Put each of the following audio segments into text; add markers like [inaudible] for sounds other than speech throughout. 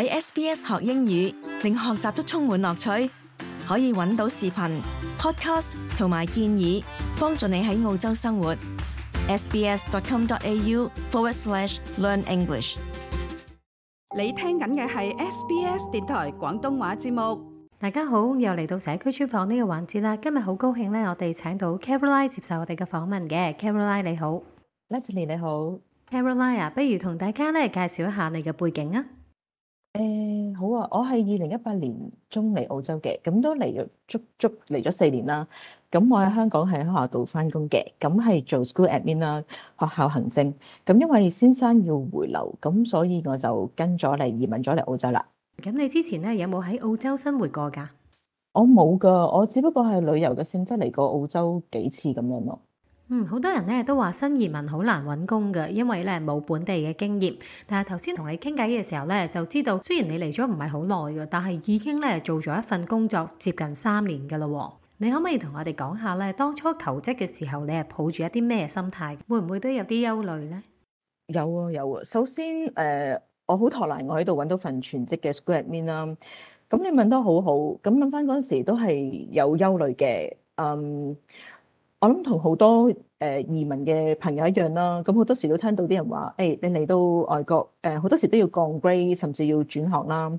喺 SBS 學英語，令學習都充滿樂趣，可以揾到視頻、podcast 同埋建議，幫助你喺澳洲生活。sbs.com.au/learnenglish。你聽緊嘅係 SBS 電台廣東話節目。大家好，又嚟到社區專訪呢個環節啦。今日好高興呢，我哋請到 Caroline 接受我哋嘅訪問嘅。Caroline 你好。Letty 你好，Caroline，不如同大家咧介紹一下你嘅背景啊？誒，好啊！我係二零一八年中嚟澳洲嘅，咁都嚟足足嚟咗四年啦。咁我喺香港係喺學校度翻工嘅，咁係做 school admin 啦，學校行政。咁因為先生要回流，咁所以我就跟咗嚟移民咗嚟澳洲啦。咁你之前咧有冇喺澳洲生活過噶？我冇噶，我只不過係旅遊嘅性質嚟過澳洲幾次咁樣咯。嗯，好多人咧都話新移民好難搵工嘅，因為咧冇本地嘅經驗。但係頭先同你傾偈嘅時候咧，就知道雖然你嚟咗唔係好耐嘅，但係已經咧做咗一份工作接近三年嘅咯。你可唔可以同我哋講下咧？當初求職嘅時候，你係抱住一啲咩心態？會唔會都有啲憂慮呢？有啊，有啊。首先，誒、呃，我好托賴我喺度搵到份全職嘅 screening、啊、啦。咁、嗯、你問得好好。咁諗翻嗰陣時都係有憂慮嘅，嗯。我想同好多。誒移民嘅朋友一樣啦，咁好多時都聽到啲人話：誒、哎、你嚟到外國，誒好多時都要降 grade，甚至要轉行啦。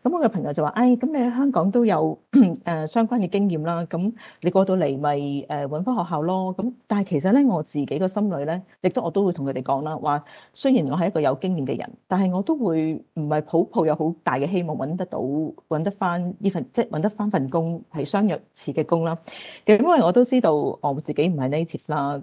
咁我嘅朋友就話：誒、哎、咁你喺香港都有誒、 [coughs] 啊、相關嘅經驗啦，咁你過到嚟咪誒揾翻學校咯。咁但係其實咧，我自己個心裏咧，亦都我都會同佢哋講啦，話雖然我係一個有經驗嘅人,但係我都會唔係抱抱有好大嘅希望揾得到揾得翻呢份，即係揾得翻份工係相若似嘅工啦。因為我都知道我自己唔係 native 啦。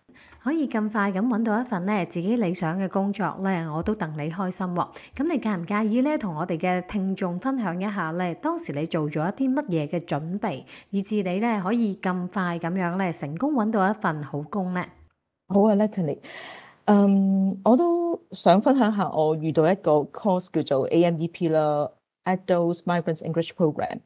可以咁快咁揾到一份咧自己理想嘅工作咧，我都戥你開心。咁你介唔介意咧，同我哋嘅聽眾分享一下咧，當時你做咗一啲乜嘢嘅準備，以致你咧可以咁快咁樣咧成功揾到一份好工咧？好啊，Lilian，嗯，我都想分享下我遇到一個 course 叫做 AMEP 啦，Adults Migrants English Program。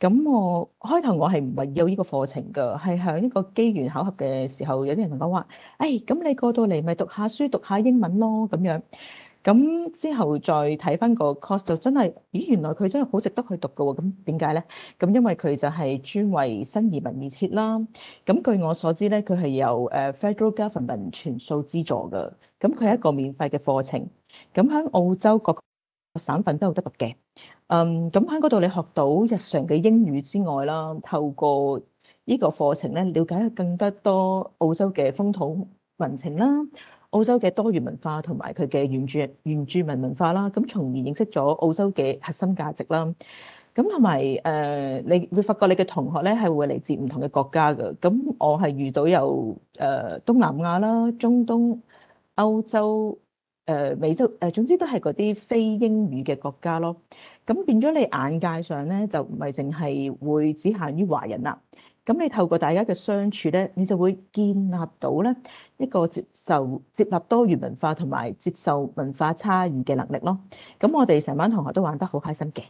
咁我開頭我係唔係有依個課程㗎，係響依個機緣巧合嘅時候，有啲人同我話，誒，咁你過到嚟咪讀下書，讀下英文咯咁樣。咁之後再睇翻個 course 就真係，咦，原來佢真係好值得去讀嘅喎。咁點解咧？咁因為佢就係專為新移民而設啦。咁據我所知咧，佢係由誒 Federal Government 全數資助㗎。咁佢係一個免費嘅課程。咁喺澳洲各個省份都有得讀嘅。嗯，咁喺嗰度你學到日常嘅英語之外啦，透過呢個課程咧，了解更加多澳洲嘅風土民情啦，澳洲嘅多元文化同埋佢嘅原住原住民文化啦，咁從而認識咗澳洲嘅核心價值啦。咁同埋誒，你會發覺你嘅同學咧係會嚟自唔同嘅國家㗎。咁我係遇到有誒、呃、東南亞啦、中東、歐洲。誒、呃、美洲誒、呃、總之都係嗰啲非英語嘅國家咯，咁變咗你眼界上咧就唔係淨係會只限於華人啦。咁你透過大家嘅相處咧，你就會建立到咧一個接受、接納多元文化同埋接受文化差異嘅能力咯。咁我哋成班同學都玩得好開心嘅。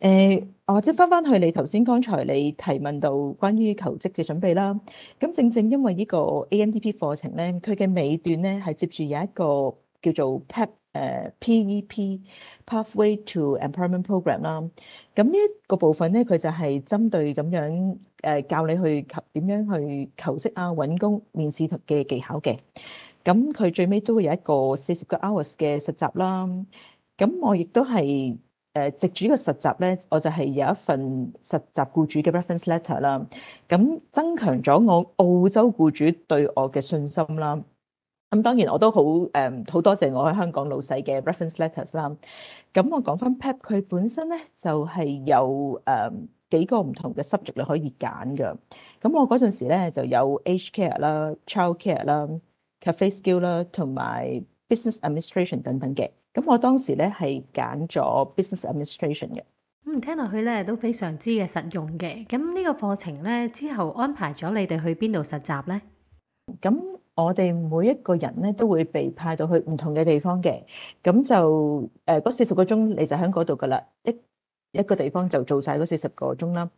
誒、呃，或者翻翻去你頭先剛，剛才你提問到關於求職嘅準備啦。咁正正因為呢個 ANTP 課程咧，佢嘅尾段咧係接住有一個，叫做 PEP，誒，PEP pathway to employment program 啦，咁呢一個部分咧，佢就係針對咁樣誒教你去點樣去求職啊、揾工、面試嘅技巧嘅。咁佢最尾都會有一個四十個 hours 嘅實習啦。咁我亦都係誒藉住呢個實習咧，我就係有一份實習僱主嘅 reference letter 啦，咁增強咗我澳洲僱主對我嘅信心啦。咁當然我都好誒，好多謝我喺香港老細嘅 reference letters 啦。咁我講翻 Pep，佢本身咧就係有誒幾個唔同嘅 subject 你可以揀㗎。咁我嗰陣時咧就有 aged care 啦、child care 啦、cafe skill 啦同埋 business administration 等等嘅。咁我當時咧係揀咗 business administration 嘅。嗯，聽落去咧都非常之嘅實用嘅。咁呢個課程咧之後安排咗你哋去邊度實習咧？咁。我哋每一個人咧都會被派到去唔同嘅地方嘅，咁就誒嗰四十個鐘你就喺嗰度噶啦，一一個地方就做曬嗰四十個鐘啦。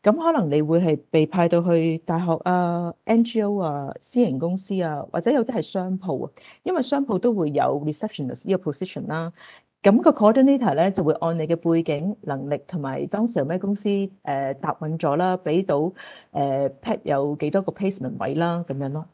咁可能你會係被派到去大學啊、NGO 啊、私營公司啊，或者有啲係商鋪啊，因為商鋪都會有 receptionist 呢個 position 啦。咁個 coordinator 咧就會按你嘅背景、能力同埋當時有咩公司誒答允咗啦，俾到誒 pat 有幾多個 placement 位啦，咁樣咯。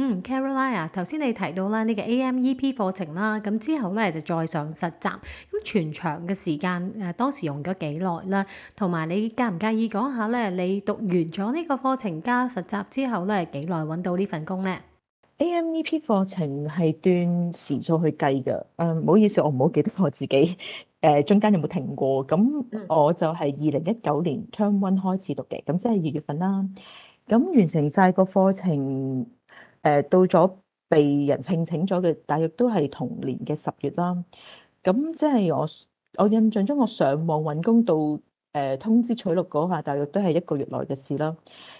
嗯，Caroline，頭先你提到啦，呢個 AMEP 課程啦，咁之後咧就再上實習，咁全場嘅時間誒，當時用咗幾耐啦，同埋你介唔介意講下咧，你讀完咗呢個課程加實習之後咧，幾耐揾到呢份工咧？AMEP 課程係段時數去計㗎，誒唔好意思，我唔好記得我自己誒中間有冇停過，咁我就係二零一九年 term one 開始讀嘅，咁即係二月份啦，咁完成曬個課程。誒到咗被人聘請咗嘅，大約都係同年嘅十月啦。咁即係我我印象中，我上網揾工到誒通知取錄嗰下，大約都係一個月內嘅事啦。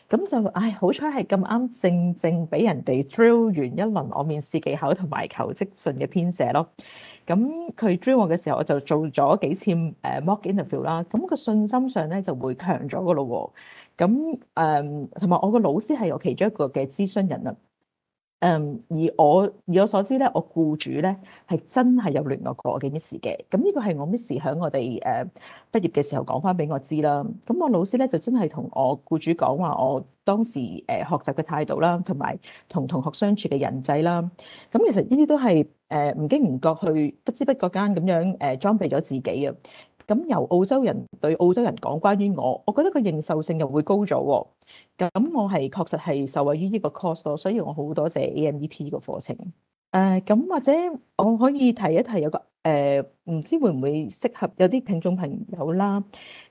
咁就唉，好彩係咁啱，正正俾人哋 drill 完一輪我面試技巧同埋求職信嘅編寫咯。咁佢 drill 我嘅時候，我就做咗幾次誒 mock interview 啦。咁個信心上咧就會強咗個咯喎。咁誒同埋我個老師係我其中一個嘅諮詢人啊。嗯，而我以我所知咧，我雇主咧係真係有聯絡過我 miss 嘅，咁呢個係我 miss 響我哋誒畢業嘅時候講翻俾我知啦。咁我老師咧就真係同我雇主講話，我當時誒學習嘅態度啦，同埋同同學相處嘅人際啦，咁其實呢啲都係誒唔經唔覺去不知不覺間咁樣誒裝備咗自己嘅。咁由澳洲人對澳洲人講關於我，我覺得佢認受性又會高咗喎。咁我係確實係受惠於呢個 course 咯，所以我好多謝 A M E P 個課程。誒，咁或者我可以提一提有個誒，唔、uh，知會唔會適合有啲聽眾朋友啦。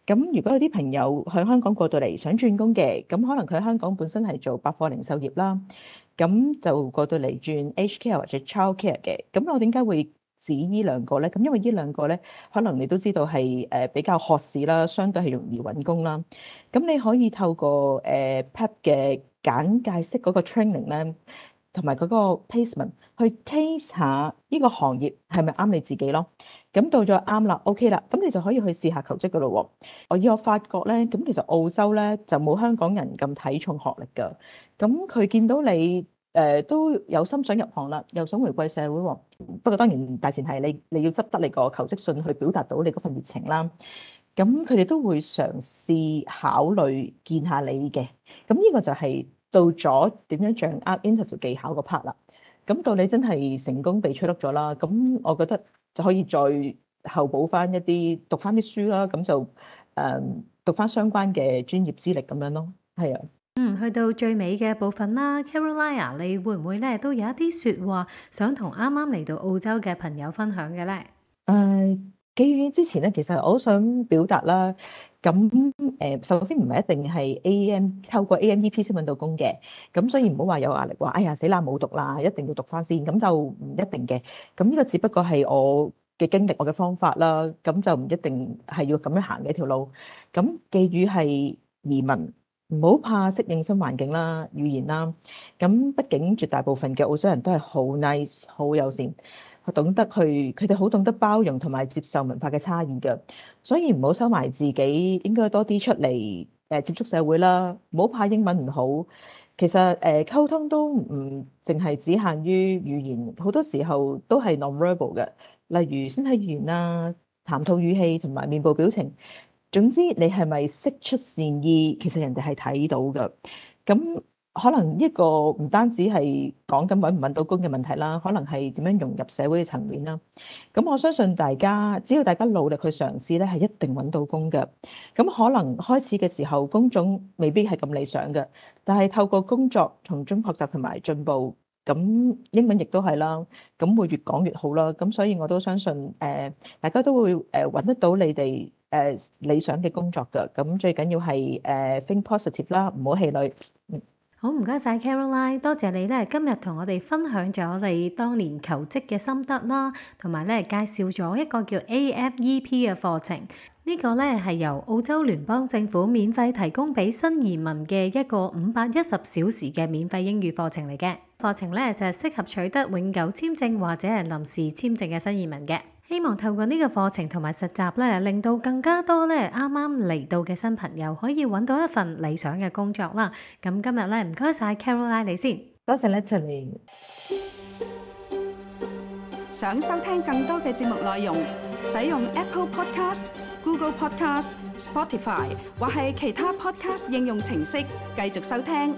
咁如果有啲朋友喺香港過到嚟想轉工嘅，咁可能佢喺香港本身係做百貨零售業啦，咁就過到嚟轉 health care 或者 child care 嘅。咁我點解會？指呢兩個咧，咁因為呢兩個咧，可能你都知道係誒比較學士啦，相對係容易揾工啦。咁你可以透過誒 pad 嘅簡介式嗰個 training 咧，同埋嗰個 placement 去 taste 下呢個行業係咪啱你自己咯。咁到咗啱啦，OK 啦，咁你就可以去試下求職噶嘞喎。我以我發覺咧，咁其實澳洲咧就冇香港人咁睇重學歷㗎。咁佢見到你，誒都有心想入行啦，又想回歸社會喎。不過當然大前提係你你要執得你個求職信去表達到你嗰份熱情啦。咁佢哋都會嘗試考慮見下你嘅。咁呢個就係到咗點樣掌握 interview 技巧個 part 啦。咁到你真係成功被取錄咗啦。咁我覺得就可以再後補翻一啲讀翻啲書啦。咁就誒讀翻相關嘅專業資歷咁樣咯。係啊。嗯，去到最尾嘅部分啦，Caroline，你會唔會咧都有一啲說話想同啱啱嚟到澳洲嘅朋友分享嘅咧？誒，寄語之前咧，其實我想表達啦，咁誒，首先唔係一定係 A M，透過 A M E P 先搵到工嘅，咁所以唔好話有壓力，話哎呀死啦冇讀啦，一定要讀翻先，咁就唔一定嘅，咁呢個只不過係我嘅經歷，我嘅方法啦，咁就唔一定係要咁樣行嘅一條路，咁寄語係移民。唔好怕適應新環境啦，語言啦。咁畢竟絕大部分嘅澳洲人都係好 nice、好友善，懂得去，佢哋好懂得包容同埋接受文化嘅差異嘅。所以唔好收埋自己，應該多啲出嚟誒、呃、接觸社會啦。唔好怕英文唔好，其實誒、呃、溝通都唔淨係只限於語言，好多時候都係 non-verbal 嘅，例如身體語言啊、談吐語氣同埋面部表情。總之，你係咪識出善意？其實人哋係睇到㗎。咁可能一個唔單止係講緊揾唔揾到工嘅問題啦，可能係點樣融入社會嘅層面啦。咁我相信大家，只要大家努力去嘗試呢，係一定揾到工㗎。咁可能開始嘅時候工種未必係咁理想嘅，但係透過工作從中學習同埋進步，咁英文亦都係啦。咁會越講越好啦。咁所以我都相信，誒，大家都會誒揾得到你哋。誒，理想嘅工作噶，咁最緊要係誒，think positive 啦，唔好氣餒。嗯，好，唔該晒 Caroline，多謝你咧，今日同我哋分享咗你當年求職嘅心得啦，同埋咧介紹咗一個叫 AMEP 嘅課程，呢個咧係由澳洲聯邦政府免費提供俾新移民嘅一個五百一十小時嘅免費英語課程嚟嘅，課程咧就係適合取得永久簽證或者係臨時簽證嘅新移民嘅。希望透過呢個課程同埋實習咧，令到更加多咧啱啱嚟到嘅新朋友可以揾到一份理想嘅工作啦。咁今日咧唔該晒 Caroline，你先多謝你。Jillian，想收聽更多嘅節目內容，使用 Apple Podcast、Google Podcast、Spotify 或係其他 Podcast 應用程式繼續收聽。